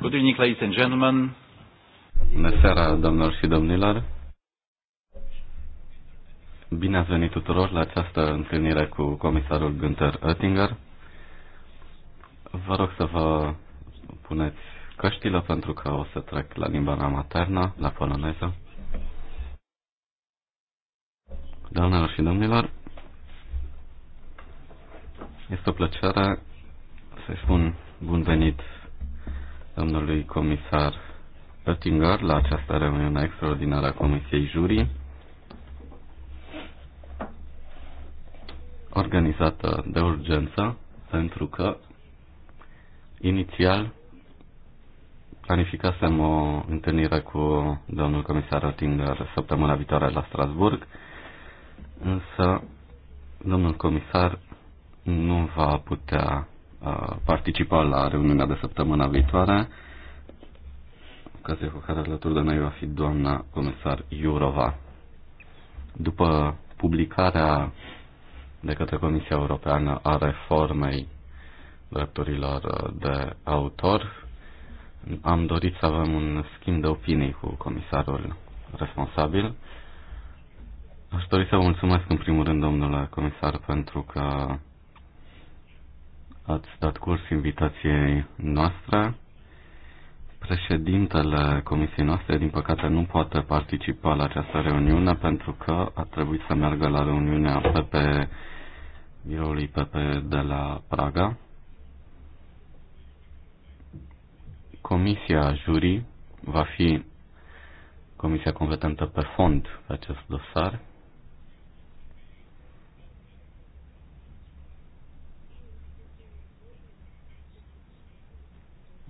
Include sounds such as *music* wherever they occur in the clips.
Good evening, ladies and gentlemen. Bună seara, domnilor și domnilor. Bine ați venit tuturor la această întâlnire cu comisarul Günther Oettinger. Vă rog să vă puneți căștile pentru că o să trec la limba mea maternă, la poloneză. Doamnelor și domnilor, este o plăcere să-i spun bun venit domnului comisar Oettinger la această reuniune extraordinară a Comisiei Jurii, organizată de urgență, pentru că inițial planificasem o întâlnire cu domnul comisar Oettinger săptămâna viitoare la Strasburg, însă domnul comisar nu va putea participa la reuniunea de săptămâna viitoare, Ocazia cu care alături de noi va fi doamna comisar Iurova. După publicarea de către Comisia Europeană a reformei drepturilor de autor, am dorit să avem un schimb de opinii cu comisarul responsabil. Aș dori să vă mulțumesc în primul rând, domnule comisar, pentru că ați dat curs invitației noastre. Președintele comisiei noastre, din păcate, nu poate participa la această reuniune pentru că a trebuit să meargă la reuniunea PP, biroului PP de la Praga. Comisia jurii va fi comisia competentă pe fond pe acest dosar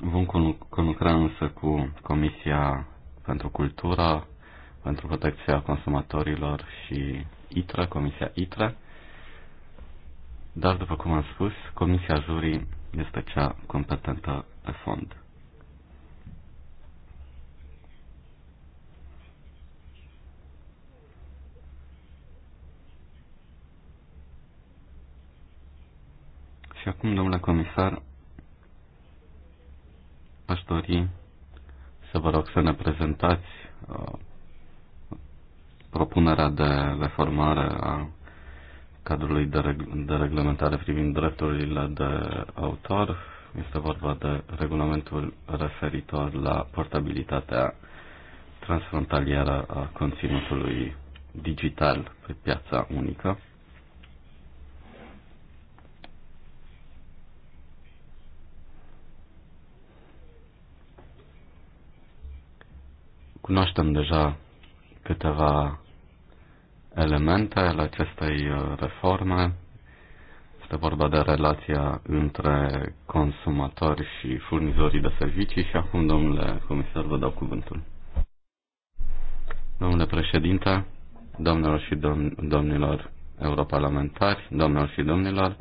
Vom conlucra însă cu Comisia pentru Cultura, pentru Protecția Consumatorilor și ITRA, Comisia ITRA. Dar, după cum am spus, Comisia Jurii este cea competentă pe fond. Și acum, domnule comisar, Aș dori să vă rog să ne prezentați uh, propunerea de reformare a cadrului de, reg- de reglementare privind drepturile de autor. Este vorba de regulamentul referitor la portabilitatea transfrontalieră a conținutului digital pe piața unică. Cunoaștem deja câteva elemente ale acestei uh, reforme. Este vorba de relația între consumatori și furnizorii de servicii și acum, domnule comisar, vă dau cuvântul. Domnule președinte, domnilor și dom- domnilor europarlamentari, domnilor și domnilor,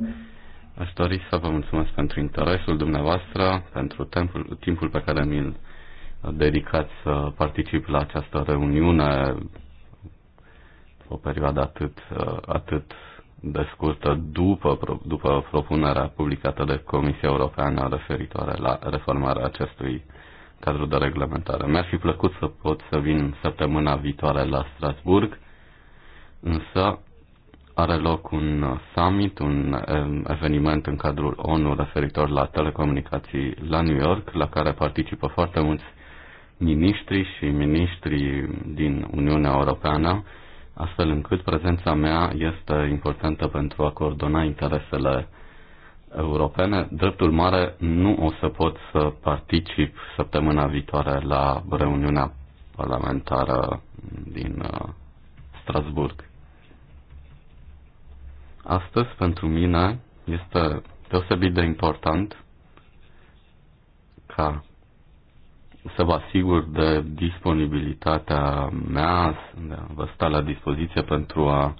aș dori să vă mulțumesc pentru interesul dumneavoastră, pentru timpul, timpul pe care mi-l dedicat să particip la această reuniune o perioadă atât, atât de scurtă după, după propunerea publicată de Comisia Europeană referitoare la reformarea acestui cadru de reglementare. Mi-ar fi plăcut să pot să vin săptămâna viitoare la Strasburg, însă are loc un summit, un eveniment în cadrul ONU referitor la telecomunicații la New York, la care participă foarte mulți miniștri și ministri din Uniunea Europeană, astfel încât prezența mea este importantă pentru a coordona interesele europene. Dreptul mare nu o să pot să particip săptămâna viitoare la reuniunea parlamentară din uh, Strasburg. Astăzi, pentru mine, este deosebit de important ca să vă asigur de disponibilitatea mea, de a vă sta la dispoziție pentru a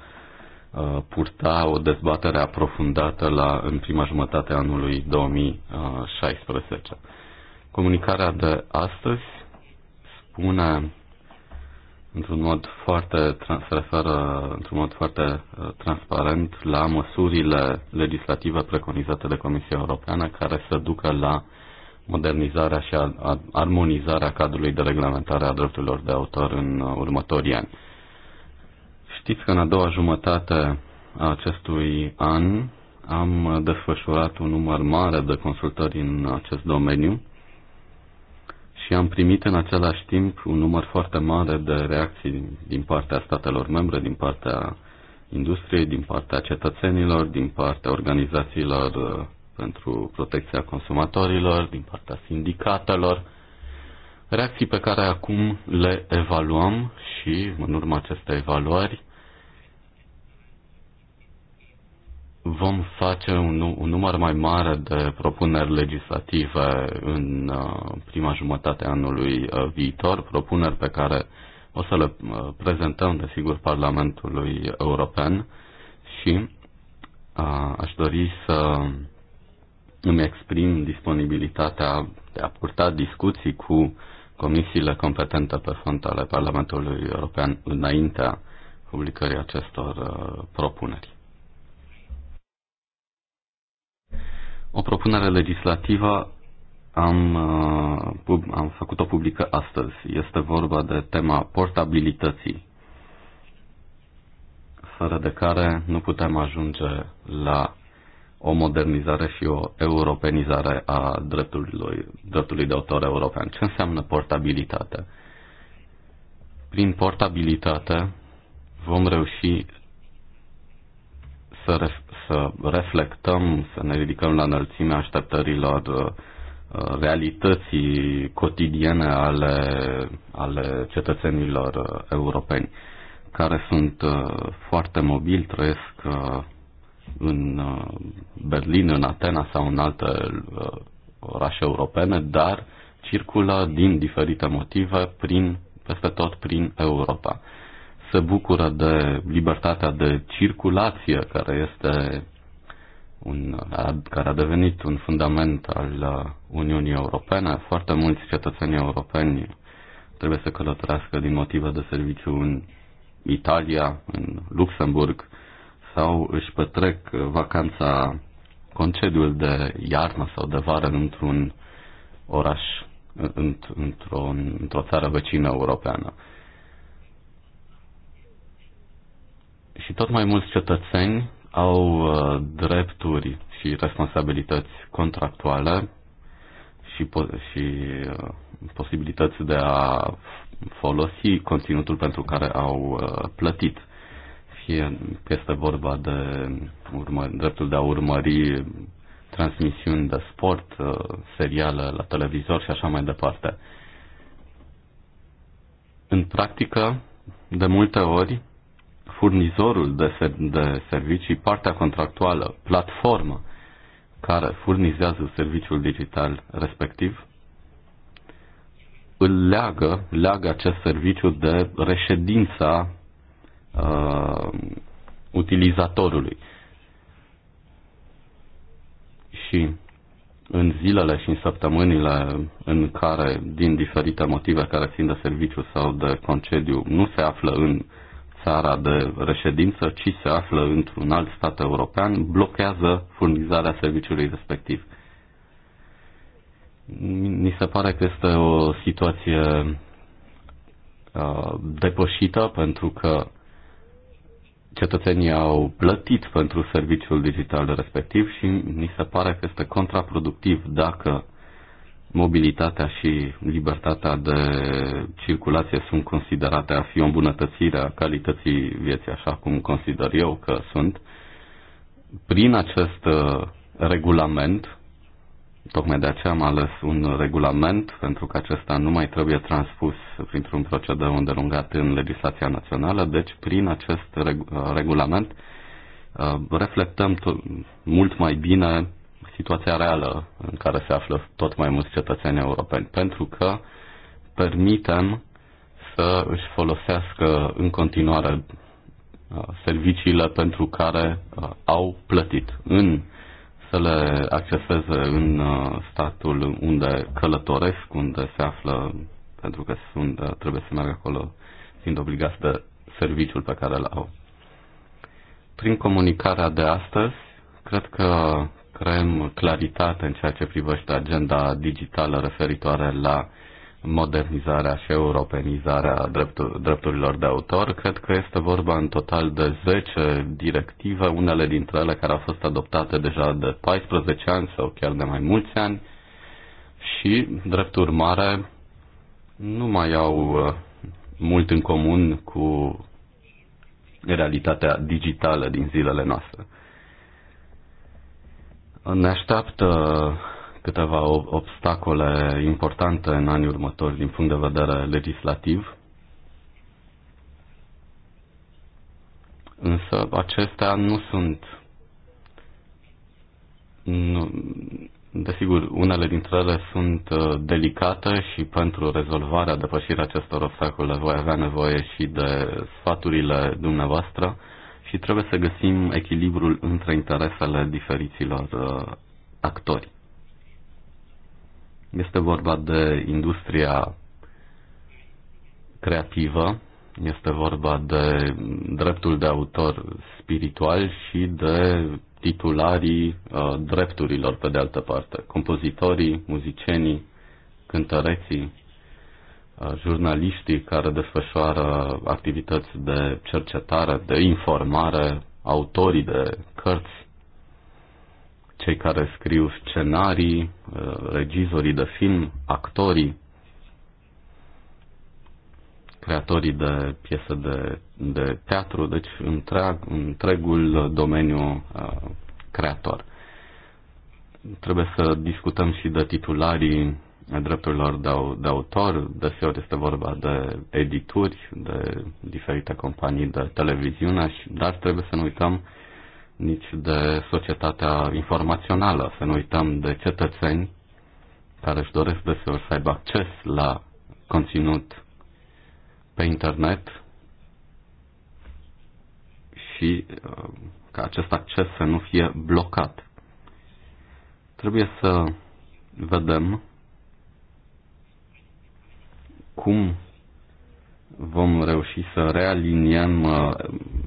purta o dezbatere aprofundată la, în prima jumătate a anului 2016. Comunicarea de astăzi spune într-un mod foarte se referă într-un mod foarte uh, transparent la măsurile legislative preconizate de Comisia Europeană care să ducă la modernizarea și armonizarea cadrului de reglementare a drepturilor de autor în uh, următorii ani. Știți că în a doua jumătate a acestui an am uh, desfășurat un număr mare de consultări în acest domeniu și am primit în același timp un număr foarte mare de reacții din partea statelor membre, din partea industriei, din partea cetățenilor, din partea organizațiilor uh, pentru protecția consumatorilor, din partea sindicatelor, reacții pe care acum le evaluăm și în urma acestei evaluări vom face un, un număr mai mare de propuneri legislative în uh, prima jumătate a anului uh, viitor, propuneri pe care o să le uh, prezentăm, desigur, Parlamentului European și aș dori să îmi exprim disponibilitatea de a purta discuții cu comisiile competente pe fond ale Parlamentului European înaintea publicării acestor uh, propuneri. O propunere legislativă am, uh, am făcut-o publică astăzi. Este vorba de tema portabilității, fără de care nu putem ajunge la o modernizare și o europenizare a dreptului, dreptului de autor european. Ce înseamnă portabilitate? Prin portabilitate vom reuși să, ref- să reflectăm, să ne ridicăm la înălțimea așteptărilor uh, realității cotidiene ale, ale cetățenilor uh, europeni, care sunt uh, foarte mobili, trăiesc în uh, Berlin, în Atena sau în alte uh, orașe europene, dar circulă din diferite motive prin, peste tot prin Europa. Se bucură de libertatea de circulație care este un, care a devenit un fundament al uh, Uniunii Europene. Foarte mulți cetățeni europeni trebuie să călătorească din motive de serviciu în Italia, în Luxemburg, sau își petrec vacanța, concediul de iarnă sau de vară într-un oraș, într-o, într-o țară vecină europeană. Și tot mai mulți cetățeni au uh, drepturi și responsabilități contractuale și, po- și uh, posibilități de a folosi conținutul pentru care au uh, plătit fie că este vorba de urmă, dreptul de a urmări transmisiuni de sport, uh, seriale la televizor și așa mai departe. În practică, de multe ori, furnizorul de, ser- de servicii, partea contractuală, platformă care furnizează serviciul digital respectiv, îl leagă, leagă acest serviciu de reședința uh, utilizatorului. Și în zilele și în săptămânile în care, din diferite motive care țin de serviciu sau de concediu, nu se află în țara de reședință, ci se află într-un alt stat european, blochează furnizarea serviciului respectiv. Mi se pare că este o situație uh, depășită pentru că cetățenii au plătit pentru serviciul digital respectiv și ni se pare că este contraproductiv dacă mobilitatea și libertatea de circulație sunt considerate a fi o îmbunătățire a calității vieții, așa cum consider eu că sunt. Prin acest uh, regulament Tocmai de aceea am ales un regulament, pentru că acesta nu mai trebuie transpus printr-un procedeu îndelungat în legislația națională, deci prin acest reg- regulament uh, reflectăm mult mai bine situația reală în care se află tot mai mulți cetățeni europeni, pentru că permitem să își folosească în continuare uh, serviciile pentru care uh, au plătit. În să le acceseze în uh, statul unde călătoresc, unde se află, pentru că sunt, uh, trebuie să meargă acolo fiind obligați de serviciul pe care îl au. Prin comunicarea de astăzi, cred că creăm claritate în ceea ce privește agenda digitală referitoare la modernizarea și europenizarea drepturilor de autor. Cred că este vorba în total de 10 directive, unele dintre ele care au fost adoptate deja de 14 ani sau chiar de mai mulți ani și, drept urmare, nu mai au uh, mult în comun cu realitatea digitală din zilele noastre. Ne așteaptă câteva obstacole importante în anii următori din punct de vedere legislativ. Însă acestea nu sunt. Nu, desigur, unele dintre ele sunt uh, delicate și pentru rezolvarea, depășirea acestor obstacole voi avea nevoie și de sfaturile dumneavoastră și trebuie să găsim echilibrul între interesele diferiților uh, actori. Este vorba de industria creativă, este vorba de dreptul de autor spiritual și de titularii uh, drepturilor, pe de altă parte, compozitorii, muzicienii, cântăreții, uh, jurnaliștii care desfășoară activități de cercetare, de informare, autorii de cărți cei care scriu scenarii, uh, regizorii de film, actorii, creatorii de piese de, de teatru, deci întreag, întregul domeniu uh, creator. Trebuie să discutăm și de titularii drepturilor de, de autor. Deseori este vorba de edituri, de diferite companii de televiziune, dar trebuie să nu uităm nici de societatea informațională. Să nu uităm de cetățeni care își doresc deseori să aibă acces la conținut pe internet și uh, ca acest acces să nu fie blocat. Trebuie să vedem cum vom reuși să realiniem uh,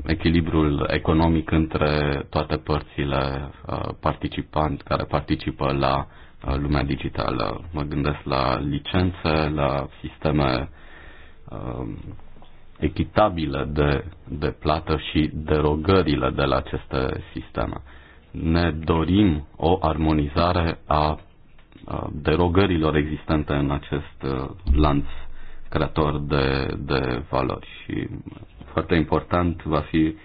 echilibrul economic între toate părțile uh, participant care participă la uh, lumea digitală. Mă gândesc la licențe, la sisteme um, echitabile de, de plată și derogările de la aceste sisteme. Ne dorim o armonizare a derogărilor existente în acest lanț creator de, de valori și foarte important va fi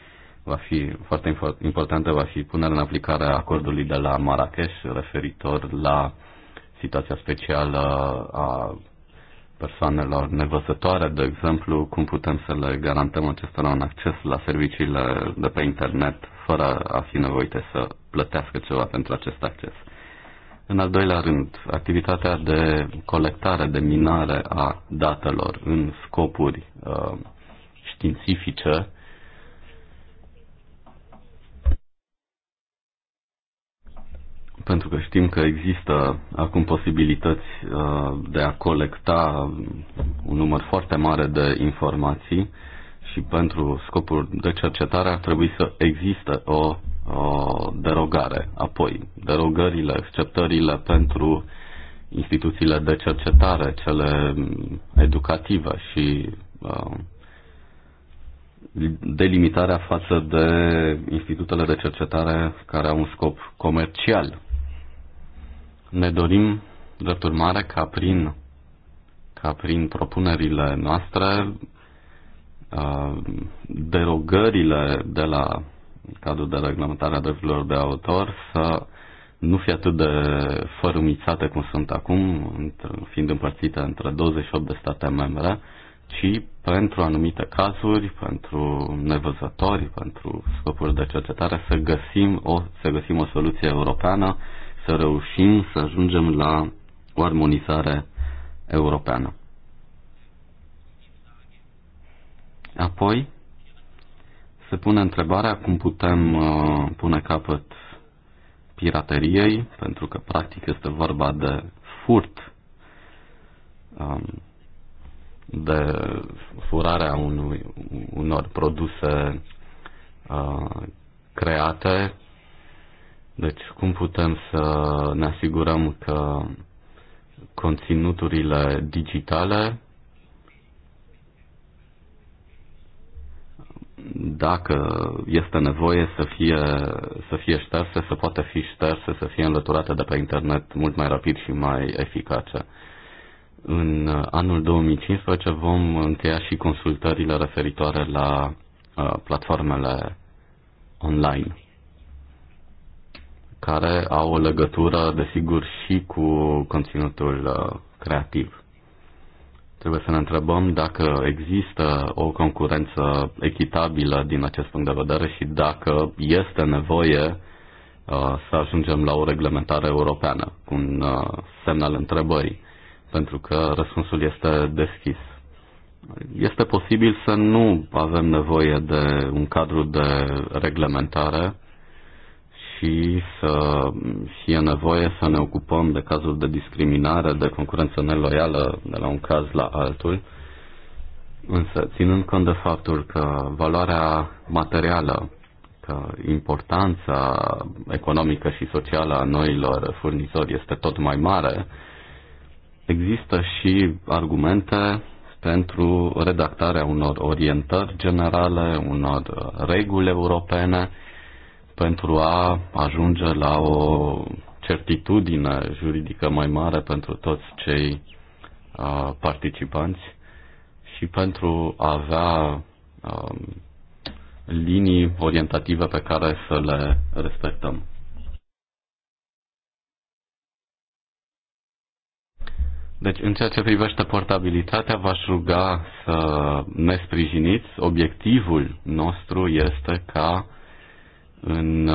va fi foarte importantă va fi punerea în aplicare a acordului de la Marrakesh referitor la situația specială a persoanelor nevăzătoare, de exemplu, cum putem să le garantăm acestora un acces la serviciile de pe internet fără a fi nevoite să plătească ceva pentru acest acces. În al doilea rând, activitatea de colectare, de minare a datelor în scopuri uh, științifice pentru că știm că există acum posibilități uh, de a colecta un număr foarte mare de informații și pentru scopuri de cercetare ar trebui să existe o derogare. Apoi, derogările, exceptările pentru instituțiile de cercetare, cele mm, educative și uh, delimitarea față de institutele de cercetare care au un scop comercial. Ne dorim, drept urmare, ca prin, ca prin propunerile noastre, uh, derogările de la cadrul de reglementare a drepturilor de autor să nu fie atât de fărâmițate cum sunt acum, fiind împărțite între 28 de state membre, ci pentru anumite cazuri, pentru nevăzători, pentru scopuri de cercetare, să găsim o, să găsim o soluție europeană, să reușim să ajungem la o armonizare europeană. Apoi, se pune întrebarea cum putem uh, pune capăt pirateriei, pentru că practic este vorba de furt, um, de furarea unui, unor produse uh, create. Deci cum putem să ne asigurăm că conținuturile digitale dacă este nevoie să fie, să fie șterse, să poată fi șterse, să fie înlăturate de pe internet mult mai rapid și mai eficace. În anul 2015 vom încheia și consultările referitoare la uh, platformele online, care au o legătură, desigur, și cu conținutul uh, creativ. Trebuie să ne întrebăm dacă există o concurență echitabilă din acest punct de vedere și dacă este nevoie uh, să ajungem la o reglementare europeană, cu un uh, semnal întrebării, pentru că răspunsul este deschis. Este posibil să nu avem nevoie de un cadru de reglementare și să fie nevoie să ne ocupăm de cazuri de discriminare, de concurență neloială de la un caz la altul. Însă, ținând cont de faptul că valoarea materială, că importanța economică și socială a noilor furnizori este tot mai mare, există și argumente pentru redactarea unor orientări generale, unor reguli europene, pentru a ajunge la o certitudine juridică mai mare pentru toți cei uh, participanți și pentru a avea uh, linii orientative pe care să le respectăm. Deci, în ceea ce privește portabilitatea, v-aș ruga să ne sprijiniți. Obiectivul nostru este ca în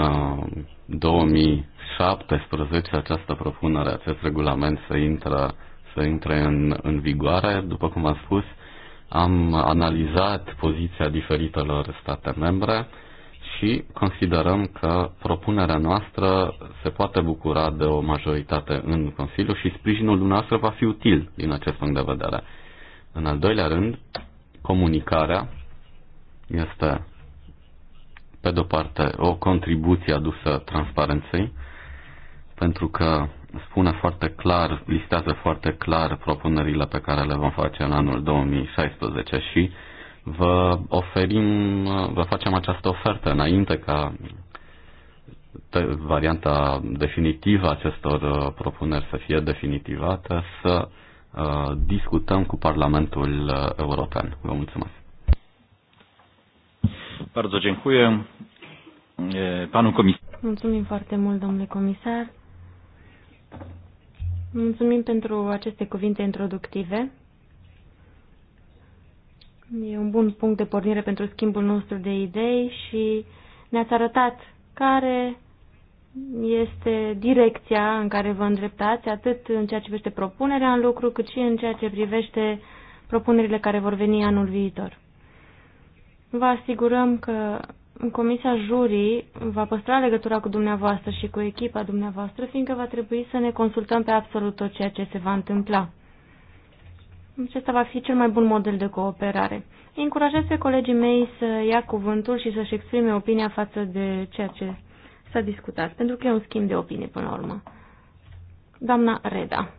2017 uh, această propunere, acest regulament să intre, să intre în, în vigoare. După cum am spus, am analizat poziția diferitelor state membre și considerăm că propunerea noastră se poate bucura de o majoritate în Consiliu și sprijinul dumneavoastră va fi util din acest punct de vedere. În al doilea rând, comunicarea este pe de-o parte, o contribuție adusă transparenței, pentru că spune foarte clar, listează foarte clar propunerile pe care le vom face în anul 2016 și vă oferim, vă facem această ofertă înainte ca varianta definitivă acestor uh, propuneri să fie definitivată, să uh, discutăm cu Parlamentul uh, European. Vă mulțumesc! Bardzo dziękuję panu Mulțumim foarte mult, domnule comisar. Mulțumim pentru aceste cuvinte introductive. E un bun punct de pornire pentru schimbul nostru de idei și ne-ați arătat care este direcția în care vă îndreptați, atât în ceea ce privește propunerea în lucru, cât și în ceea ce privește propunerile care vor veni anul viitor vă asigurăm că Comisia Jurii va păstra legătura cu dumneavoastră și cu echipa dumneavoastră, fiindcă va trebui să ne consultăm pe absolut tot ceea ce se va întâmpla. Acesta va fi cel mai bun model de cooperare. încurajez pe colegii mei să ia cuvântul și să-și exprime opinia față de ceea ce s-a discutat, pentru că e un schimb de opinie până la urmă. Doamna Reda.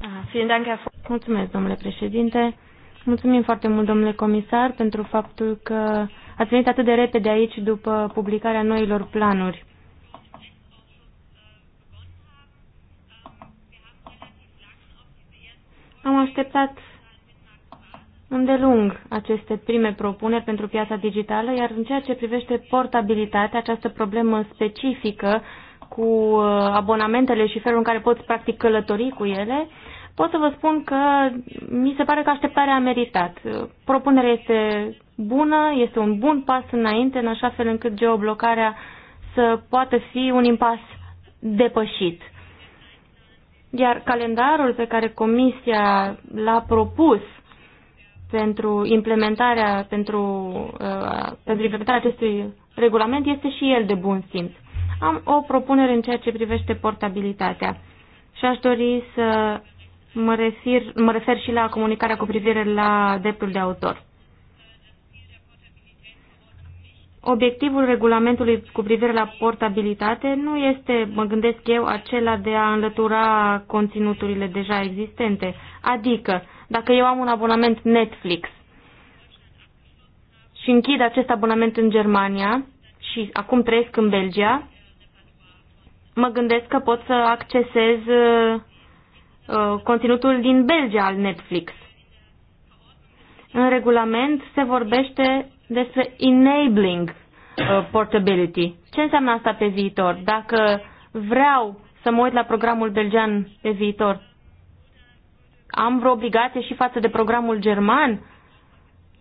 Ah, Mulțumesc, domnule președinte. Mulțumim foarte mult, domnule comisar, pentru faptul că ați venit atât de repede aici după publicarea noilor planuri. Am așteptat îndelung aceste prime propuneri pentru piața digitală, iar în ceea ce privește portabilitatea, această problemă specifică cu uh, abonamentele și felul în care poți practic călători cu ele, pot să vă spun că mi se pare că așteptarea a meritat. Propunerea este bună, este un bun pas înainte, în așa fel încât geoblocarea să poată fi un impas depășit. Iar calendarul pe care Comisia l-a propus pentru implementarea, pentru, uh, pentru implementarea acestui regulament este și el de bun simț. Am o propunere în ceea ce privește portabilitatea și aș dori să mă refer, mă refer și la comunicarea cu privire la dreptul de autor. Obiectivul regulamentului cu privire la portabilitate nu este, mă gândesc eu, acela de a înlătura conținuturile deja existente. Adică, dacă eu am un abonament Netflix și închid acest abonament în Germania și acum trăiesc în Belgia, mă gândesc că pot să accesez uh, Uh, conținutul din Belgia al Netflix. În regulament se vorbește despre enabling uh, portability. Ce înseamnă asta pe viitor? Dacă vreau să mă uit la programul belgean pe viitor, am vreo obligație și față de programul german?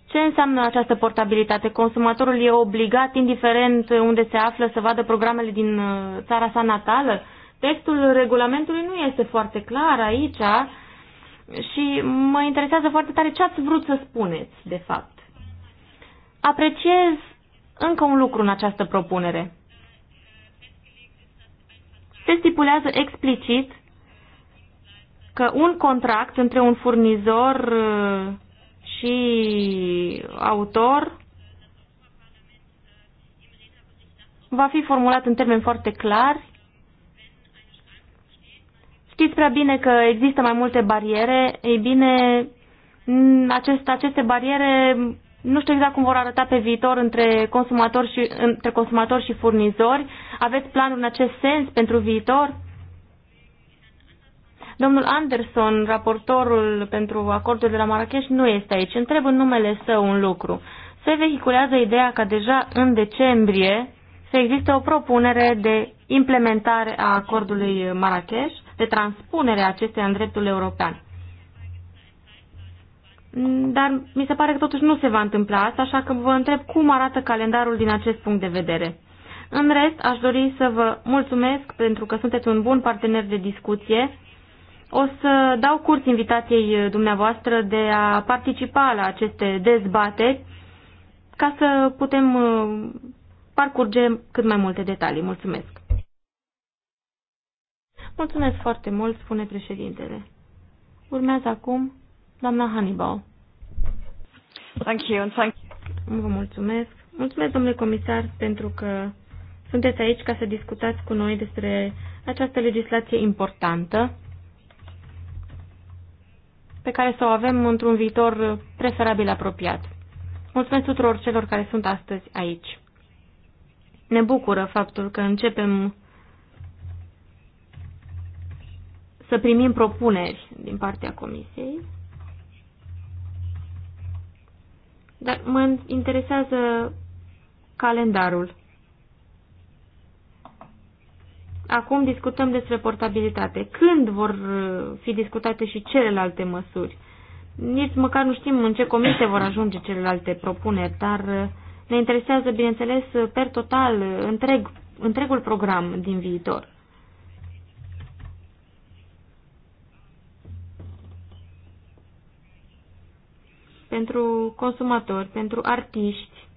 Ce înseamnă această portabilitate? Consumatorul e obligat, indiferent unde se află, să vadă programele din uh, țara sa natală? Textul regulamentului nu este foarte clar aici și mă interesează foarte tare ce ați vrut să spuneți, de fapt. Apreciez încă un lucru în această propunere. Se stipulează explicit că un contract între un furnizor uh, și autor va fi formulat în termeni foarte clari Știți prea bine că există mai multe bariere. Ei bine, acest, aceste bariere nu știu exact cum vor arăta pe viitor între consumatori și, între consumatori și furnizori. Aveți planuri în acest sens pentru viitor? Domnul Anderson, raportorul pentru acordul de la Marrakeș, nu este aici. Întreb în numele său un lucru. Se vehiculează ideea că deja în decembrie să existe o propunere de implementare a acordului Marrakeș de transpunere a acesteia în dreptul european. Dar mi se pare că totuși nu se va întâmpla asta, așa că vă întreb cum arată calendarul din acest punct de vedere. În rest, aș dori să vă mulțumesc pentru că sunteți un bun partener de discuție. O să dau curs invitației dumneavoastră de a participa la aceste dezbateri ca să putem uh, parcurge cât mai multe detalii. Mulțumesc! Mulțumesc foarte mult, spune președintele. Urmează acum doamna Hannibal. Thank you and thank you. Vă mulțumesc. Mulțumesc, domnule comisar, pentru că sunteți aici ca să discutați cu noi despre această legislație importantă pe care să o avem într-un viitor preferabil apropiat. Mulțumesc tuturor celor care sunt astăzi aici. Ne bucură faptul că începem să primim propuneri din partea Comisiei. Dar mă interesează calendarul. Acum discutăm despre portabilitate. Când vor uh, fi discutate și celelalte măsuri? Nici măcar nu știm în ce comisie vor ajunge celelalte propuneri, dar uh, ne interesează, bineînțeles, uh, per total întreg, întregul program din viitor. pentru consumatori, pentru artiști,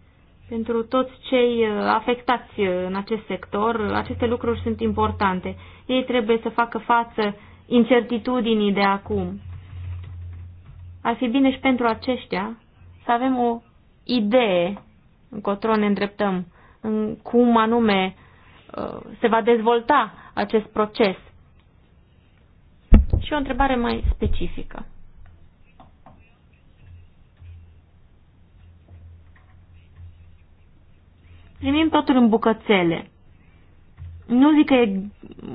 pentru toți cei uh, afectați uh, în acest sector, aceste lucruri sunt importante. Ei trebuie să facă față incertitudinii de acum. Ar fi bine și pentru aceștia să avem o idee încotro ne îndreptăm, în cum anume uh, se va dezvolta acest proces. Și o întrebare mai specifică. primim totul în bucățele. Nu zic că e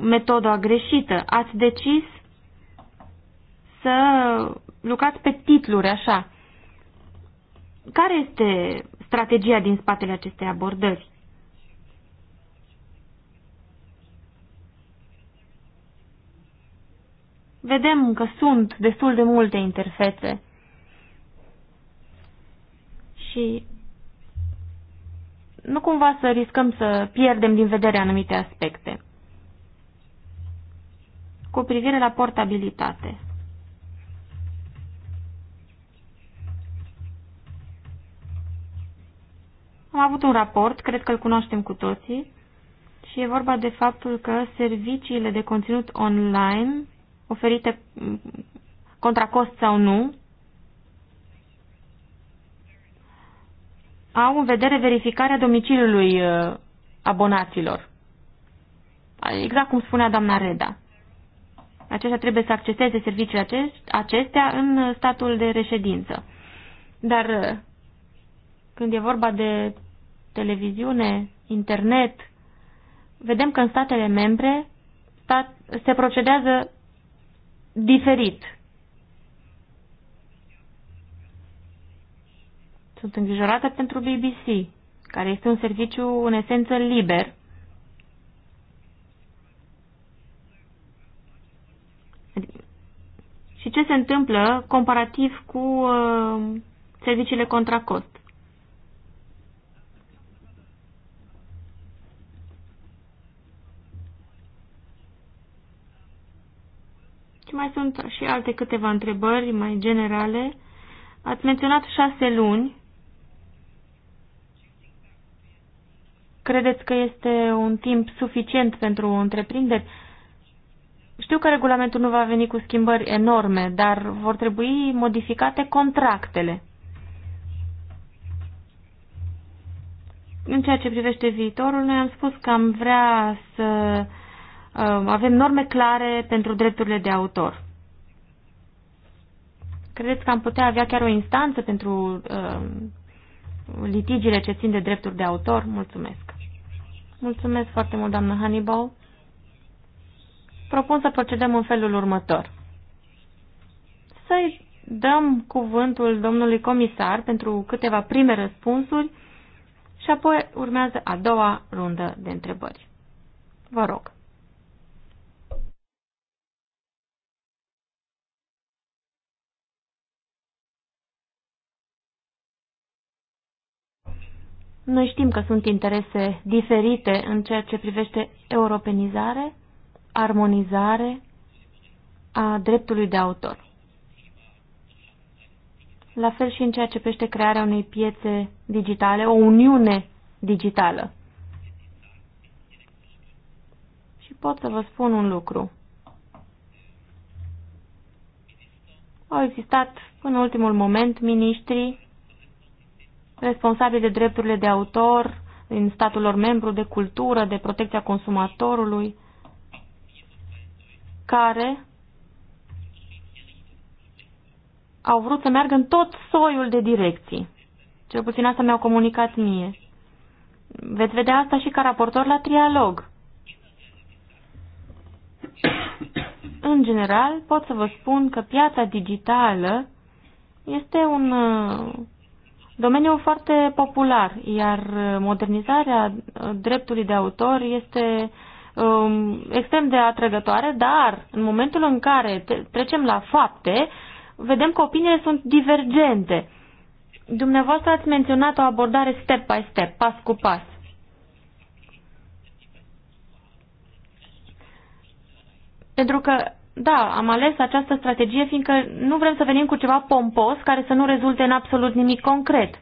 metoda greșită. Ați decis să lucrați pe titluri, așa. Care este strategia din spatele acestei abordări? Vedem că sunt destul de multe interfețe și nu cumva să riscăm să pierdem din vedere anumite aspecte. Cu privire la portabilitate. Am avut un raport, cred că îl cunoaștem cu toții, și e vorba de faptul că serviciile de conținut online, oferite mm, contra cost sau nu, au în vedere verificarea domiciliului uh, abonaților. Exact cum spunea doamna Reda. Aceștia trebuie să acceseze serviciile acestea în uh, statul de reședință. Dar uh, când e vorba de televiziune, internet, vedem că în statele membre stat, se procedează diferit Sunt îngrijorată pentru BBC, care este un serviciu în esență liber. Și ce se întâmplă comparativ cu uh, serviciile contra cost? Și mai sunt și alte câteva întrebări mai generale. Ați menționat șase luni Credeți că este un timp suficient pentru o întreprindere? Știu că regulamentul nu va veni cu schimbări enorme, dar vor trebui modificate contractele. În ceea ce privește viitorul, noi am spus că am vrea să uh, avem norme clare pentru drepturile de autor. Credeți că am putea avea chiar o instanță pentru uh, litigiile ce țin de drepturi de autor? Mulțumesc! Mulțumesc foarte mult, doamnă Hannibal. Propun să procedăm în felul următor. Să-i dăm cuvântul domnului comisar pentru câteva prime răspunsuri și apoi urmează a doua rundă de întrebări. Vă rog. Noi știm că sunt interese diferite în ceea ce privește europenizare, armonizare a dreptului de autor. La fel și în ceea ce privește crearea unei piețe digitale, o uniune digitală. Și pot să vă spun un lucru. Au existat până ultimul moment miniștrii responsabili de drepturile de autor din statul lor membru, de cultură, de protecția consumatorului, care au vrut să meargă în tot soiul de direcții. Cel puțin asta mi-au comunicat mie. Veți vedea asta și ca raportor la trialog. *coughs* în general, pot să vă spun că piața digitală este un Domeniul foarte popular, iar modernizarea uh, dreptului de autor este um, extrem de atrăgătoare, dar în momentul în care trecem la fapte, vedem că opiniile sunt divergente. Dumneavoastră ați menționat o abordare step by step, pas cu pas. Pentru că da, am ales această strategie fiindcă nu vrem să venim cu ceva pompos care să nu rezulte în absolut nimic concret.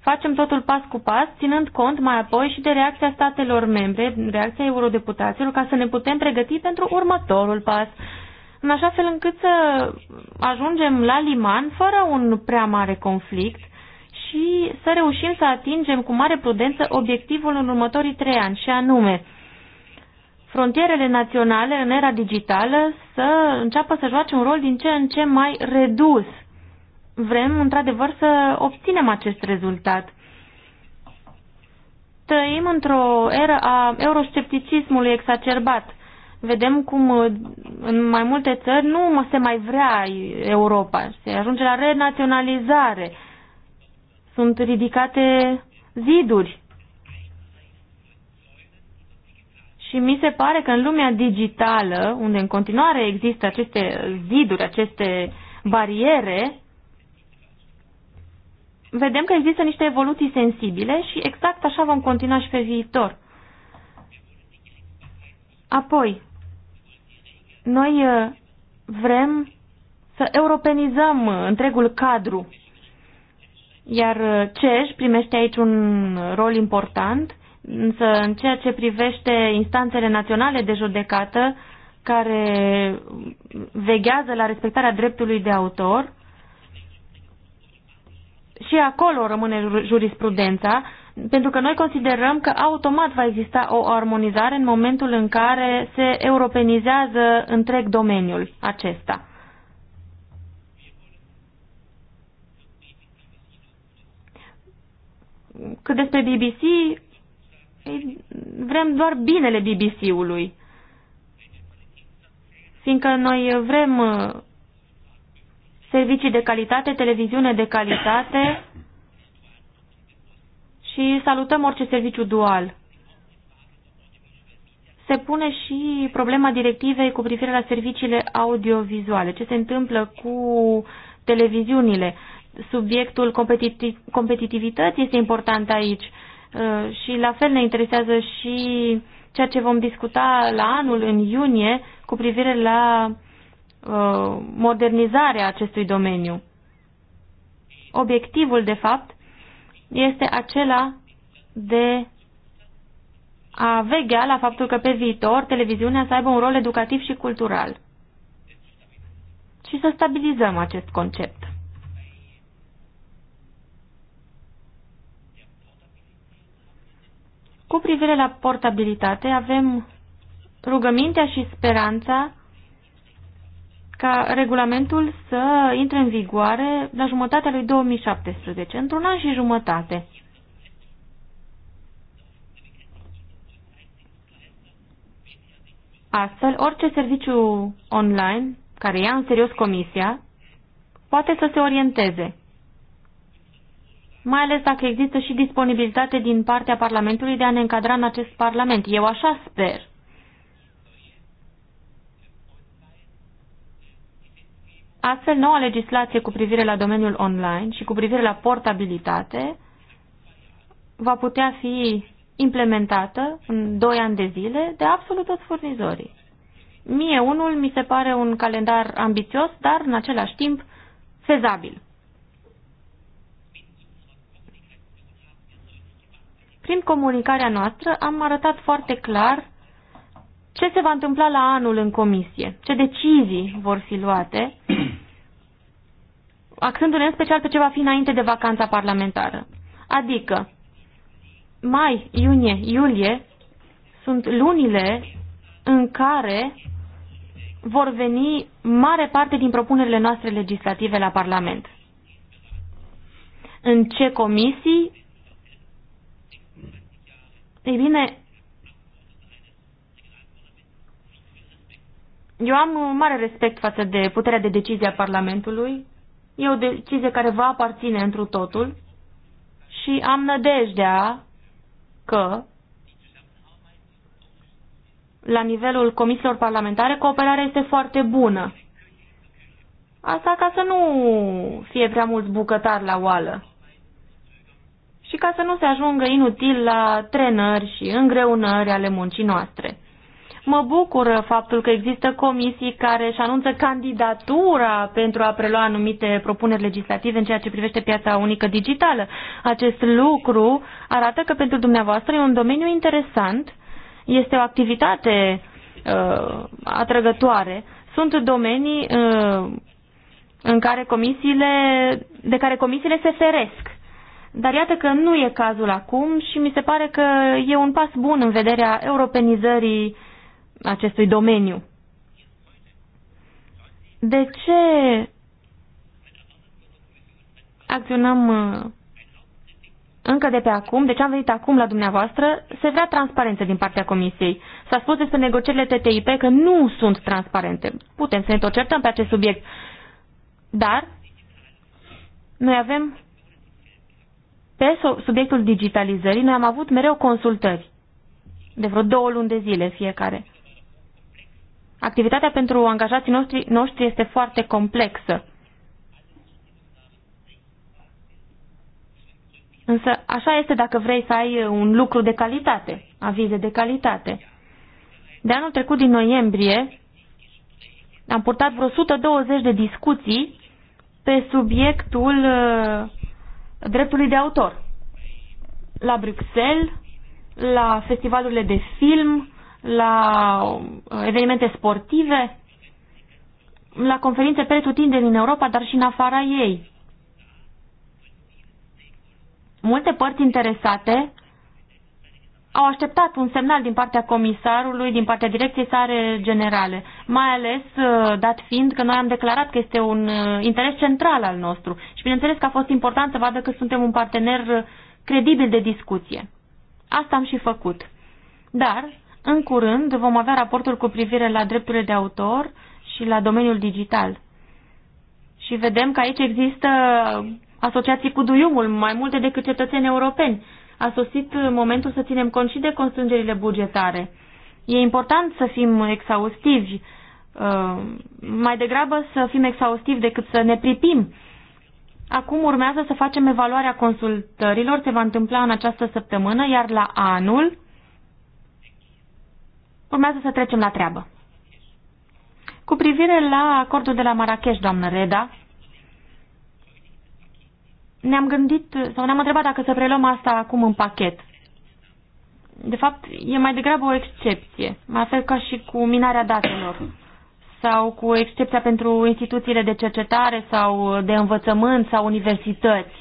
Facem totul pas cu pas, ținând cont mai apoi și de reacția statelor membre, reacția eurodeputaților, ca să ne putem pregăti pentru următorul pas, în așa fel încât să ajungem la liman fără un prea mare conflict și să reușim să atingem cu mare prudență obiectivul în următorii trei ani, și anume frontierele naționale în era digitală să înceapă să joace un rol din ce în ce mai redus. Vrem, într-adevăr, să obținem acest rezultat. Trăim într-o era a euroscepticismului exacerbat. Vedem cum în mai multe țări nu se mai vrea Europa, se ajunge la renaționalizare. Sunt ridicate ziduri Și mi se pare că în lumea digitală, unde în continuare există aceste ziduri, aceste bariere, vedem că există niște evoluții sensibile și exact așa vom continua și pe viitor. Apoi, noi uh, vrem să europenizăm uh, întregul cadru, iar uh, CEJ primește aici un rol important Însă, în ceea ce privește instanțele naționale de judecată, care veghează la respectarea dreptului de autor, și acolo rămâne jurisprudența, pentru că noi considerăm că automat va exista o armonizare în momentul în care se europenizează întreg domeniul acesta. Cât despre BBC, ei, vrem doar binele BBC-ului. Fiindcă noi vrem uh, servicii de calitate, televiziune de calitate și salutăm orice serviciu dual. Se pune și problema directivei cu privire la serviciile audiovizuale. Ce se întâmplă cu televiziunile? Subiectul competitivității este important aici Uh, și la fel ne interesează și ceea ce vom discuta la anul, în iunie, cu privire la uh, modernizarea acestui domeniu. Obiectivul, de fapt, este acela de a vegea la faptul că pe viitor televiziunea să aibă un rol educativ și cultural. Și să stabilizăm acest concept. Cu privire la portabilitate, avem rugămintea și speranța ca regulamentul să intre în vigoare la jumătatea lui 2017, într-un an și jumătate. Astfel, orice serviciu online care ia în serios comisia poate să se orienteze mai ales dacă există și disponibilitate din partea Parlamentului de a ne încadra în acest Parlament. Eu așa sper. Astfel, noua legislație cu privire la domeniul online și cu privire la portabilitate va putea fi implementată în 2 ani de zile de absolut toți furnizorii. Mie unul mi se pare un calendar ambițios, dar în același timp fezabil. Prin comunicarea noastră am arătat foarte clar ce se va întâmpla la anul în comisie, ce decizii vor fi luate, *clears throat* axându-ne în special pe ce va fi înainte de vacanța parlamentară. Adică, mai, iunie, iulie sunt lunile în care vor veni mare parte din propunerile noastre legislative la Parlament. În ce comisii ei bine, eu am un mare respect față de puterea de decizie a Parlamentului. E o decizie care va aparține întru totul și am nădejdea că la nivelul comisiilor parlamentare cooperarea este foarte bună. Asta ca să nu fie prea mulți bucătari la oală și ca să nu se ajungă inutil la trenări și îngreunări ale muncii noastre. Mă bucură faptul că există comisii care își anunță candidatura pentru a prelua anumite propuneri legislative în ceea ce privește piața unică digitală. Acest lucru arată că pentru dumneavoastră e un domeniu interesant, este o activitate uh, atrăgătoare. Sunt domenii uh, în care comisiile, de care comisiile se feresc. Dar iată că nu e cazul acum și mi se pare că e un pas bun în vederea europenizării acestui domeniu. De ce acționăm uh, încă de pe acum, De ce am venit acum la dumneavoastră, se vrea transparență din partea Comisiei. S-a spus despre negocierile TTIP că nu sunt transparente. Putem să ne tot certăm pe acest subiect. Dar noi avem pe subiectul digitalizării, noi am avut mereu consultări, de vreo două luni de zile fiecare. Activitatea pentru angajații noștri, noștri este foarte complexă. Însă așa este dacă vrei să ai un lucru de calitate, avize de calitate. De anul trecut, din noiembrie, am purtat vreo 120 de discuții pe subiectul uh, dreptului de autor. La Bruxelles, la festivalurile de film, la uh, evenimente sportive, la conferințe pretutindeni din Europa, dar și în afara ei. Multe părți interesate au așteptat un semnal din partea comisarului, din partea direcției Sare generale, mai ales uh, dat fiind că noi am declarat că este un uh, interes central al nostru și bineînțeles că a fost important să vadă că suntem un partener uh, credibil de discuție. Asta am și făcut. Dar, în curând, vom avea raportul cu privire la drepturile de autor și la domeniul digital. Și vedem că aici există asociații cu duiumul, mai multe decât cetățeni europeni a sosit momentul să ținem cont și de constrângerile bugetare. E important să fim exhaustivi, uh, mai degrabă să fim exhaustivi decât să ne pripim. Acum urmează să facem evaluarea consultărilor, se va întâmpla în această săptămână, iar la anul urmează să trecem la treabă. Cu privire la acordul de la Marrakesh, doamnă Reda, ne-am gândit sau ne-am întrebat dacă să preluăm asta acum în pachet. De fapt, e mai degrabă o excepție, mai fel ca și cu minarea datelor sau cu excepția pentru instituțiile de cercetare sau de învățământ sau universități.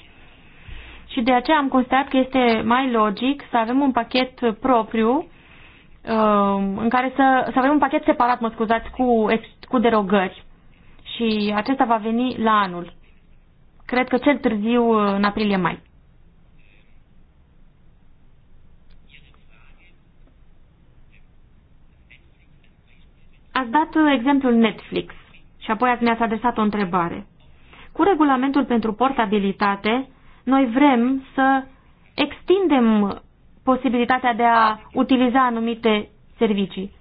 Și de aceea am constatat că este mai logic să avem un pachet propriu uh, în care să, să avem un pachet separat, mă scuzați, cu, cu derogări. Și acesta va veni la anul cred că cel târziu în aprilie-mai. Ați dat exemplul Netflix și apoi mi-ați adresat o întrebare. Cu regulamentul pentru portabilitate, noi vrem să extindem posibilitatea de a utiliza anumite servicii.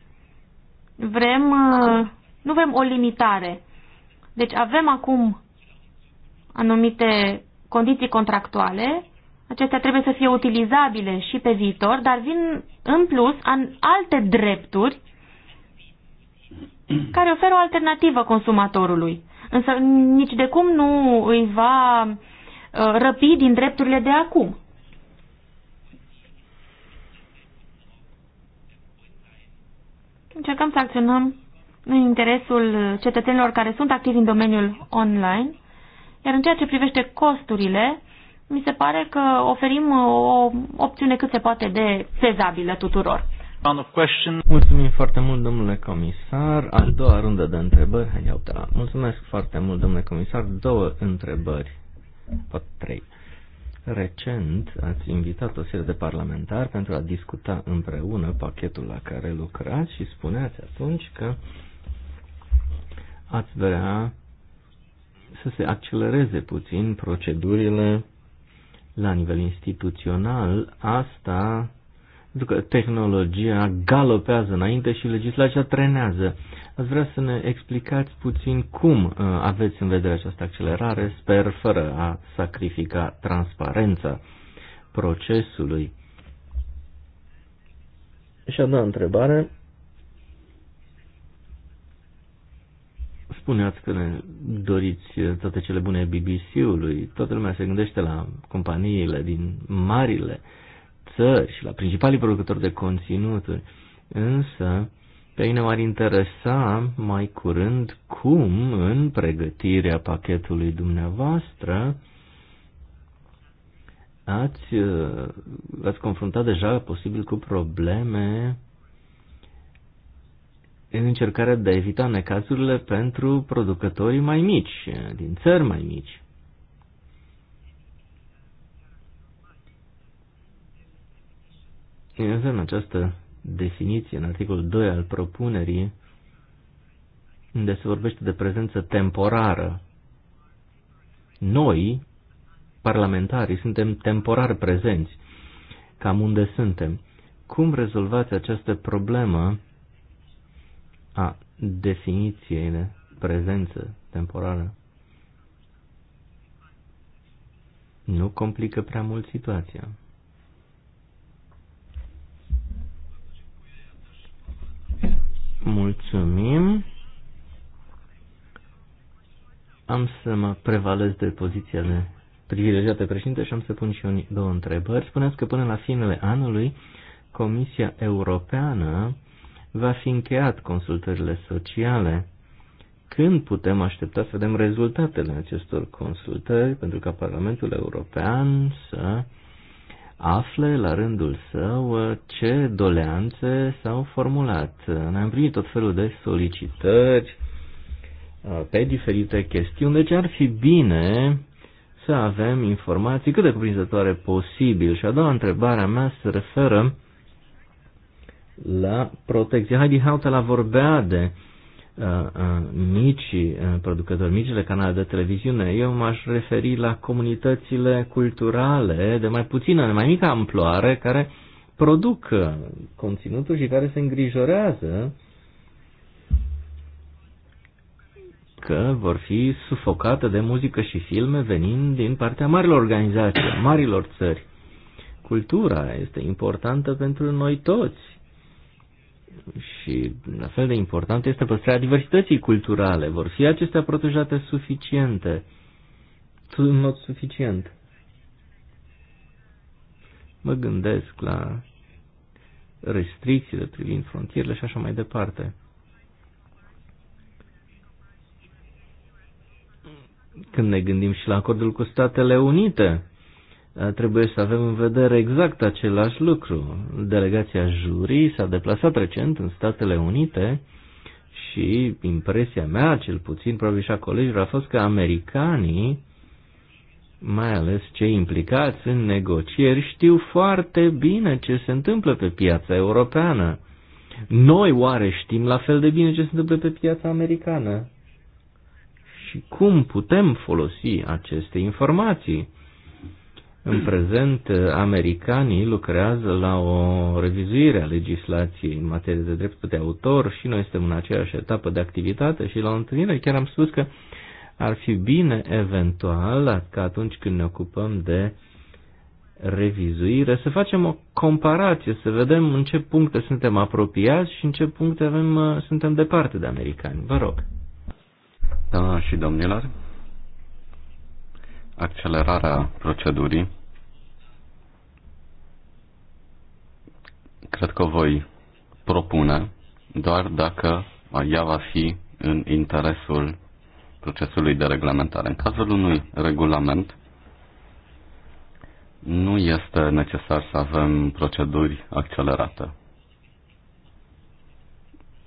Vrem, uh, nu vrem o limitare. Deci avem acum anumite condiții contractuale, acestea trebuie să fie utilizabile și pe viitor, dar vin în plus în alte drepturi care oferă o alternativă consumatorului. Însă nici de cum nu îi va uh, răpi din drepturile de acum. Încercăm să acționăm în interesul cetățenilor care sunt activi în domeniul online iar în ceea ce privește costurile, mi se pare că oferim uh, o opțiune cât se poate de fezabilă tuturor. Mulțumim foarte mult, domnule comisar. A doua rundă de întrebări. Hai, Mulțumesc foarte mult, domnule comisar. Două întrebări, Pot trei. Recent ați invitat o serie de parlamentari pentru a discuta împreună pachetul la care lucrați și spuneați atunci că ați vrea să se accelereze puțin procedurile la nivel instituțional. Asta pentru că tehnologia galopează înainte și legislația trenează. Ați vrea să ne explicați puțin cum uh, aveți în vedere această accelerare, sper fără a sacrifica transparența procesului. Și a doua întrebare, spuneați că le doriți toate cele bune BBC-ului. Toată lumea se gândește la companiile din marile țări și la principalii producători de conținuturi. Însă, pe mine m-ar interesa mai curând cum, în pregătirea pachetului dumneavoastră, ați, ați confruntat deja posibil cu probleme în încercarea de a evita necazurile pentru producătorii mai mici, din țări mai mici. Însă în această definiție, în articolul 2 al propunerii, unde se vorbește de prezență temporară, noi, parlamentarii, suntem temporar prezenți, cam unde suntem. Cum rezolvați această problemă a definiției de prezență temporară nu complică prea mult situația. Mulțumim. Am să mă prevalez de poziția de privilegiată președinte și am să pun și eu două întrebări. Spuneți că până la finele anului Comisia Europeană va fi încheiat consultările sociale. Când putem aștepta să vedem rezultatele acestor consultări pentru ca Parlamentul European să afle la rândul său ce doleanțe s-au formulat. Ne-am primit tot felul de solicitări uh, pe diferite chestiuni, deci ar fi bine să avem informații cât de cuprinzătoare posibil. Și a doua întrebare a mea se referă la protecție. Heidi Hautala vorbea de uh, uh, mici uh, producători, micile canale de televiziune. Eu m-aș referi la comunitățile culturale de mai puțină, de mai mică amploare, care produc uh, conținutul și care se îngrijorează că vor fi sufocate de muzică și filme venind din partea marilor organizații, marilor țări. Cultura este importantă pentru noi toți și la fel de important este păstrarea diversității culturale. Vor fi acestea protejate suficiente, în mod suficient. Mă gândesc la restricțiile privind frontierele și așa mai departe. Când ne gândim și la acordul cu Statele Unite, Eh, trebuie să avem în vedere exact același lucru. Delegația jurii s-a deplasat recent în Statele Unite și impresia mea, cel puțin, probabil și a colegilor, a fost că americanii, mai ales cei implicați în negocieri, știu foarte bine ce se întâmplă pe piața europeană. Noi oare știm la fel de bine ce se întâmplă pe piața americană? Și cum putem folosi aceste informații? În *clears throat* prezent, americanii lucrează la o revizuire a legislației în materie de drept de autor și noi suntem în aceeași etapă de activitate și la o întâlnire chiar am spus că ar fi bine eventual că adică atunci când ne ocupăm de revizuire să facem o comparație, să vedem în ce puncte suntem apropiați și în ce puncte avem, suntem departe de americani. Vă rog. Da, și domnilor, accelerarea procedurii. Cred că o voi propune doar dacă ea va fi în interesul procesului de reglementare. În cazul unui regulament, nu este necesar să avem proceduri accelerate.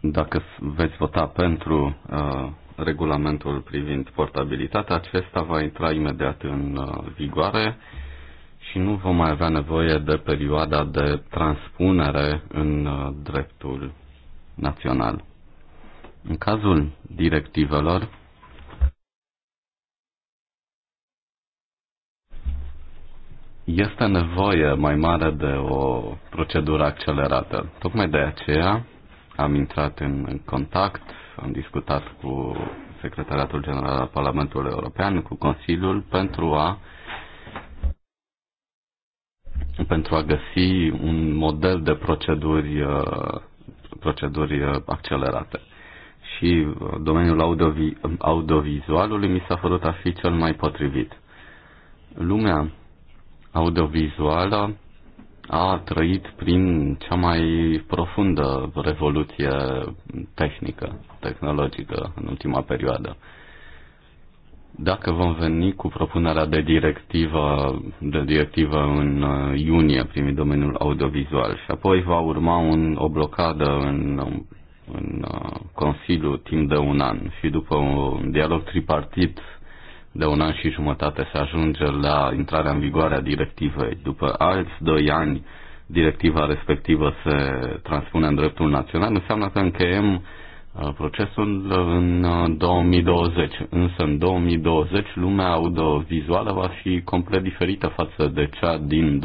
Dacă veți vota pentru uh, regulamentul privind portabilitatea. Acesta va intra imediat în uh, vigoare și nu vom mai avea nevoie de perioada de transpunere în uh, dreptul național. În cazul directivelor, este nevoie mai mare de o procedură accelerată. Tocmai de aceea am intrat în, în contact am discutat cu Secretariatul General al Parlamentului European, cu Consiliul, pentru a pentru a găsi un model de proceduri, uh, proceduri uh, accelerate. Și uh, domeniul audiovizualului mi s-a părut a fi cel mai potrivit. Lumea audiovizuală a trăit prin cea mai profundă revoluție tehnică, tehnologică în ultima perioadă. Dacă vom veni cu propunerea de directivă, de directivă în uh, iunie prin domeniul audiovizual și apoi va urma un, o blocadă în, um, în uh, Consiliu timp de un an și după un dialog tripartit de un an și jumătate se ajunge la intrarea în vigoare a directivei. După alți doi ani, directiva respectivă se transpune în dreptul național, înseamnă că încheiem uh, procesul în 2020. Uh, Însă în 2020 lumea audiovizuală va fi complet diferită față de cea din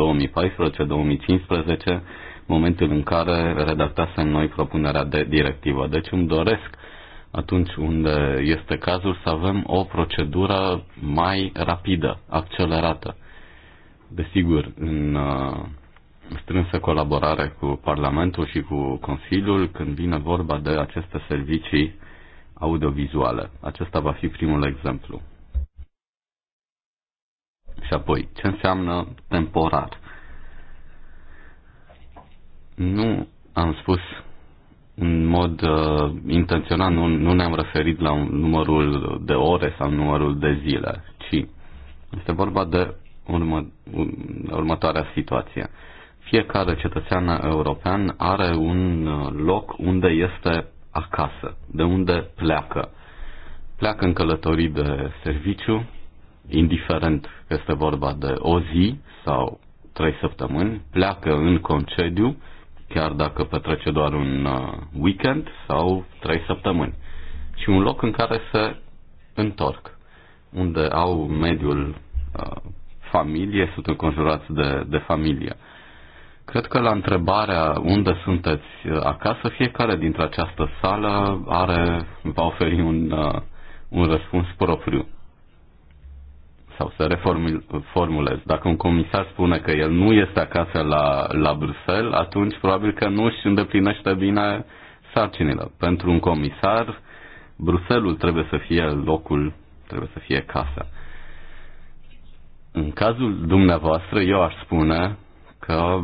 2014-2015, momentul în care redactasem noi propunerea de directivă. Deci îmi doresc atunci unde este cazul, să avem o procedură mai rapidă, accelerată. Desigur, în uh, strânsă colaborare cu Parlamentul și cu Consiliul când vine vorba de aceste servicii audiovizuale. Acesta va fi primul exemplu. Și apoi, ce înseamnă temporar? Nu am spus în mod uh, intenționat nu, nu ne-am referit la numărul de ore sau numărul de zile, ci este vorba de urmă, următoarea situație. Fiecare cetățean european are un uh, loc unde este acasă, de unde pleacă. Pleacă în călătorii de serviciu, indiferent că este vorba de o zi sau trei săptămâni, pleacă în concediu, chiar dacă petrece doar un uh, weekend sau trei săptămâni, ci un loc în care se întorc, unde au mediul uh, familie, sunt înconjurați de, de familie. Cred că la întrebarea unde sunteți uh, acasă, fiecare dintre această sală are, va oferi un, un răspuns propriu sau să reformulez. Dacă un comisar spune că el nu este acasă la, la Bruxelles, atunci probabil că nu își îndeplinește bine sarcinile. Pentru un comisar, Bruxelles trebuie să fie locul, trebuie să fie casa. În cazul dumneavoastră, eu aș spune că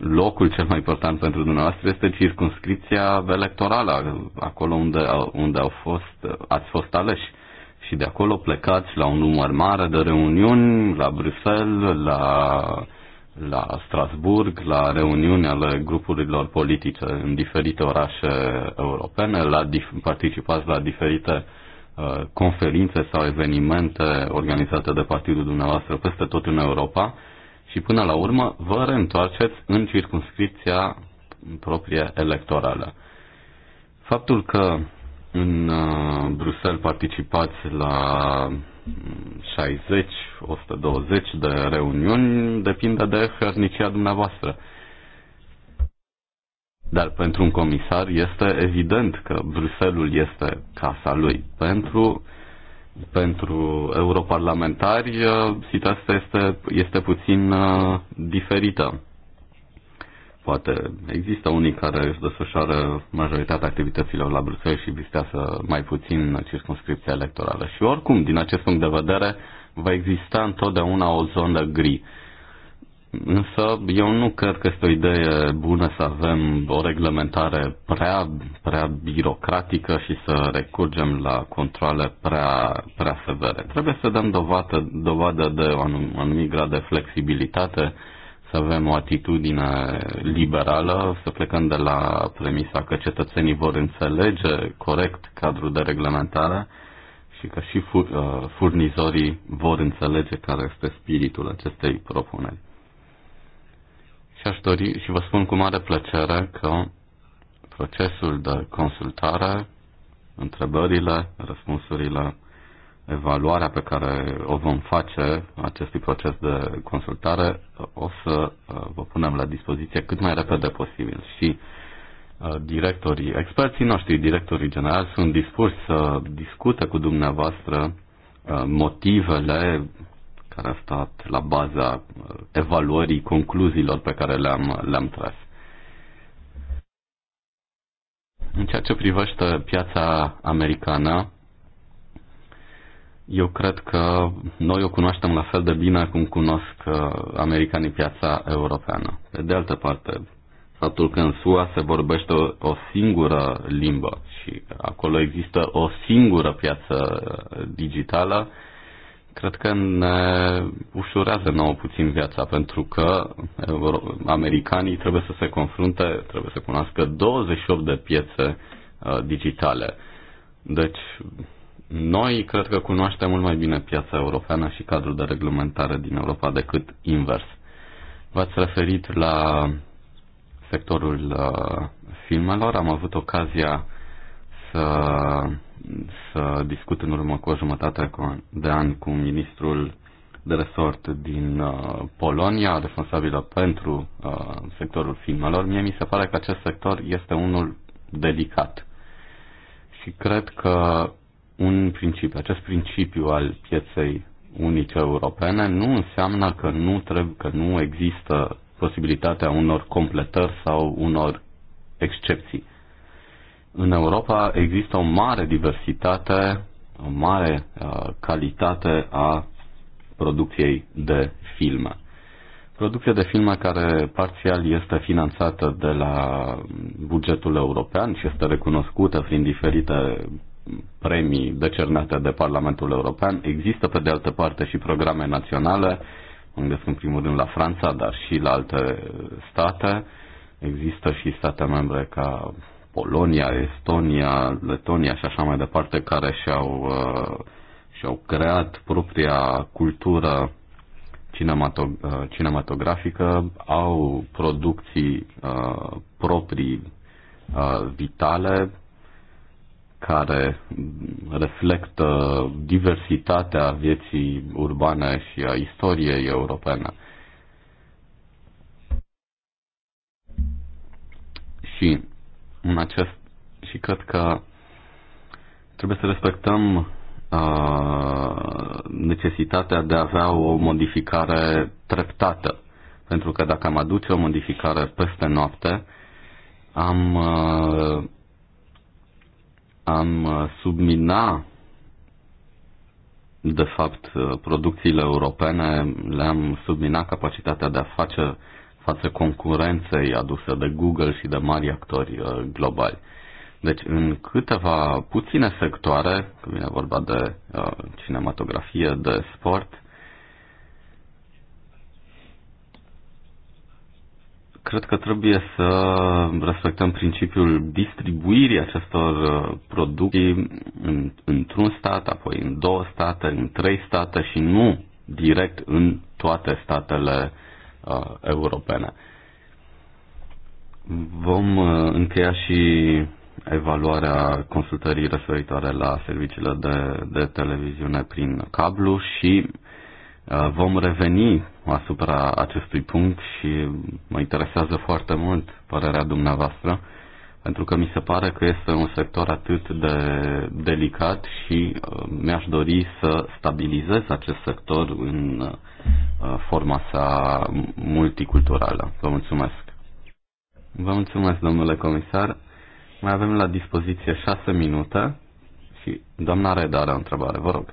locul cel mai important pentru dumneavoastră este circunscripția electorală, acolo unde, unde au fost, ați fost aleși și de acolo plecați la un număr mare de reuniuni la Bruxelles, la, la Strasburg, la reuniuni ale grupurilor politice în diferite orașe europene, la participați la diferite uh, conferințe sau evenimente organizate de partidul dumneavoastră peste tot în Europa și până la urmă vă reîntoarceți în circunscripția proprie electorală. Faptul că în uh, Bruxelles participați la 60-120 mm, de reuniuni, depinde de hărnicia dumneavoastră. Dar pentru un comisar este evident că Bruselul este casa lui. Pentru, pentru europarlamentari uh, situația este, este puțin uh, diferită. Poate există unii care își desfășoară majoritatea activităților la Bruxelles și vizitează mai puțin circunscripția electorală. Și oricum, din acest punct de vedere, va exista întotdeauna o zonă gri. Însă eu nu cred că este o idee bună să avem o reglementare prea, prea birocratică și să recurgem la controle prea, prea severe. Trebuie să dăm dovadă, dovadă de un anumit grad de flexibilitate să avem o atitudine liberală, să plecăm de la premisa că cetățenii vor înțelege corect cadrul de reglementare și că și uh, furnizorii vor înțelege care este spiritul acestei propuneri. Și aș dori și vă spun cu mare plăcere că procesul de consultare, întrebările, răspunsurile evaluarea pe care o vom face acestui proces de consultare o să uh, vă punem la dispoziție cât mai repede posibil și uh, directorii, experții noștri, directorii generali sunt dispuși să discute cu dumneavoastră uh, motivele care a stat la baza evaluării concluziilor pe care le-am, le-am tras. În ceea ce privește piața americană, eu cred că noi o cunoaștem la fel de bine cum cunosc uh, americanii piața europeană. Pe de altă parte, faptul că în SUA se vorbește o, o singură limbă și acolo există o singură piață uh, digitală, cred că ne ușurează nouă puțin viața, pentru că americanii trebuie să se confrunte, trebuie să cunoască 28 de piețe uh, digitale. Deci, noi cred că cunoaștem mult mai bine piața europeană și cadrul de reglementare din Europa decât invers. V-ați referit la sectorul uh, filmelor. Am avut ocazia să, să discut în urmă cu o jumătate de an cu ministrul de resort din uh, Polonia, responsabilă pentru uh, sectorul filmelor. Mie mi se pare că acest sector este unul delicat. Și cred că un principiu. Acest principiu al pieței unice europene nu înseamnă că nu, trebuie, că nu există posibilitatea unor completări sau unor excepții. În Europa există o mare diversitate, o mare uh, calitate a producției de filme. Producție de filme care parțial este finanțată de la bugetul european și este recunoscută prin diferite premii decernate de Parlamentul European. Există, pe de altă parte, și programe naționale, mă gândesc în primul rând la Franța, dar și la alte state. Există și state membre ca Polonia, Estonia, Letonia și așa mai departe, care și-au, uh, și-au creat propria cultură uh, cinematografică, au producții uh, proprii uh, vitale, care reflectă diversitatea vieții urbane și a istoriei europene. Și în acest și cred că trebuie să respectăm uh, necesitatea de a avea o modificare treptată. Pentru că dacă am aduce o modificare peste noapte, am uh, am uh, submina de fapt uh, producțiile europene, le-am subminat capacitatea de a face față concurenței aduse de Google și de mari actori uh, globali. Deci în câteva puține sectoare, când vine vorba de uh, cinematografie, de sport, Cred că trebuie să respectăm principiul distribuirii acestor uh, producții în, într-un stat, apoi în două state, în trei state și nu direct în toate statele uh, europene. Vom uh, încheia și evaluarea consultării referitoare la serviciile de, de televiziune prin cablu și Uh, vom reveni asupra acestui punct și mă interesează foarte mult părerea dumneavoastră, pentru că mi se pare că este un sector atât de delicat și uh, mi-aș dori să stabilizez acest sector în uh, forma sa multiculturală. Vă mulțumesc! Vă mulțumesc, domnule comisar. Mai avem la dispoziție șase minute și doamna Reda are o întrebare, vă rog.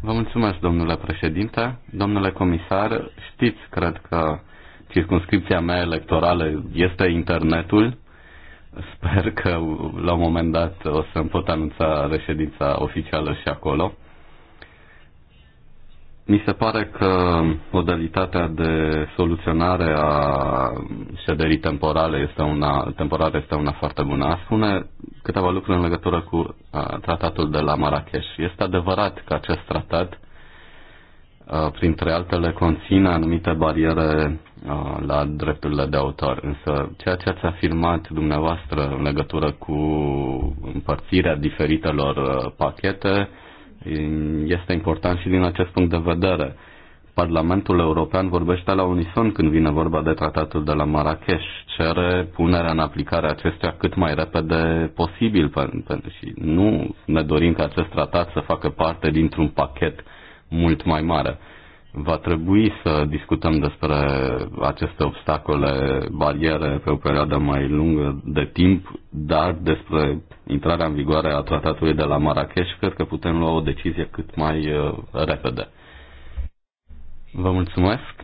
Vă mulțumesc, domnule președinte. Domnule comisar, știți, cred că circunscripția mea electorală este internetul. Sper că la un moment dat o să-mi pot anunța reședința oficială și acolo. Mi se pare că modalitatea de soluționare a șederii temporale este una, temporare este una foarte bună. spune câteva lucruri în legătură cu tratatul de la Marrakesh. Este adevărat că acest tratat, printre altele, conține anumite bariere la drepturile de autor, însă ceea ce ați afirmat dumneavoastră în legătură cu împărțirea diferitelor pachete este important și din acest punct de vedere Parlamentul European vorbește la unison când vine vorba de tratatul de la Marrakesh. Cere punerea în aplicare acestuia cât mai repede posibil pentru și nu ne dorim ca acest tratat să facă parte dintr-un pachet mult mai mare. Va trebui să discutăm despre aceste obstacole, bariere pe o perioadă mai lungă de timp, dar despre intrarea în vigoare a tratatului de la Marrakesh cred că putem lua o decizie cât mai uh, repede. Vă mulțumesc.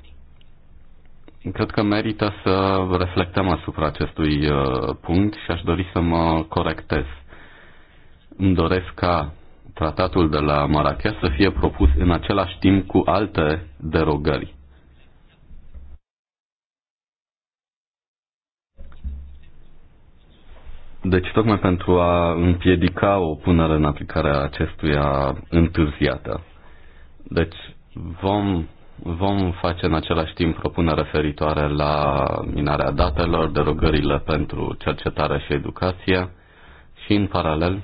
Cred că merită să reflectăm asupra acestui uh, punct și aș dori să mă corectez. Îmi doresc ca tratatul de la Marrakech să fie propus în același timp cu alte derogări. Deci, tocmai pentru a împiedica o punere în aplicare a acestuia întârziată. Deci, vom Vom face în același timp propuneri referitoare la minarea datelor, derogările pentru cercetare și educație și, în paralel,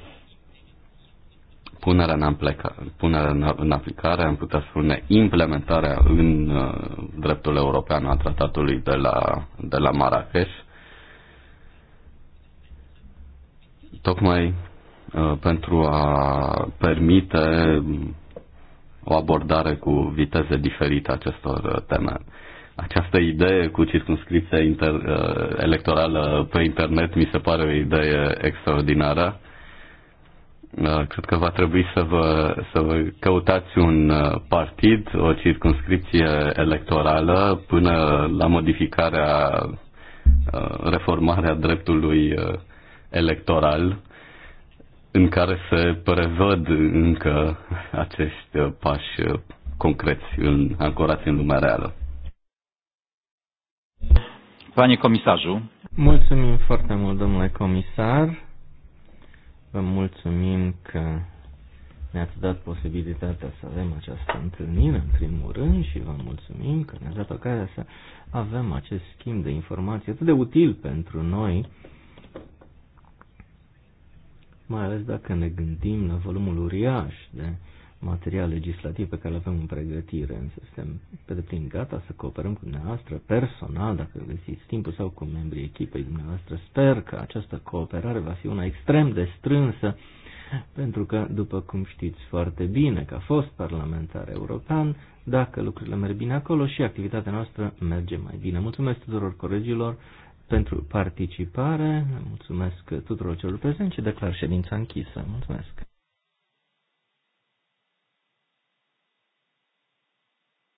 punerea în, pleca, în, în aplicare, am putea spune implementarea în uh, dreptul european a tratatului de la, de la Marrakesh, tocmai uh, pentru a permite o abordare cu viteze diferite acestor uh, teme. Această idee cu circunscripția inter, uh, electorală pe internet mi se pare o idee extraordinară. Uh, cred că va trebui să vă, să vă căutați un partid, o circunscripție electorală până la modificarea reformarea dreptului electoral în care se prevăd încă acești pași concreți în, ancorați în lumea reală. Panie comisarul. Mulțumim foarte mult, domnule comisar. Vă mulțumim că ne-ați dat posibilitatea să avem această întâlnire, în primul rând, și vă mulțumim că ne-ați dat ocazia să avem acest schimb de informații atât de util pentru noi mai ales dacă ne gândim la volumul uriaș de material legislativ pe care îl avem în pregătire. Suntem pe deplin gata să cooperăm cu dumneavoastră personal, dacă găsiți timpul, sau cu membrii echipei dumneavoastră. Sper că această cooperare va fi una extrem de strânsă, pentru că, după cum știți foarte bine, că a fost parlamentar european, dacă lucrurile merg bine acolo și activitatea noastră merge mai bine. Mulțumesc tuturor colegilor pentru participare. Mulțumesc tuturor celor prezenți și declar ședința închisă. Mulțumesc!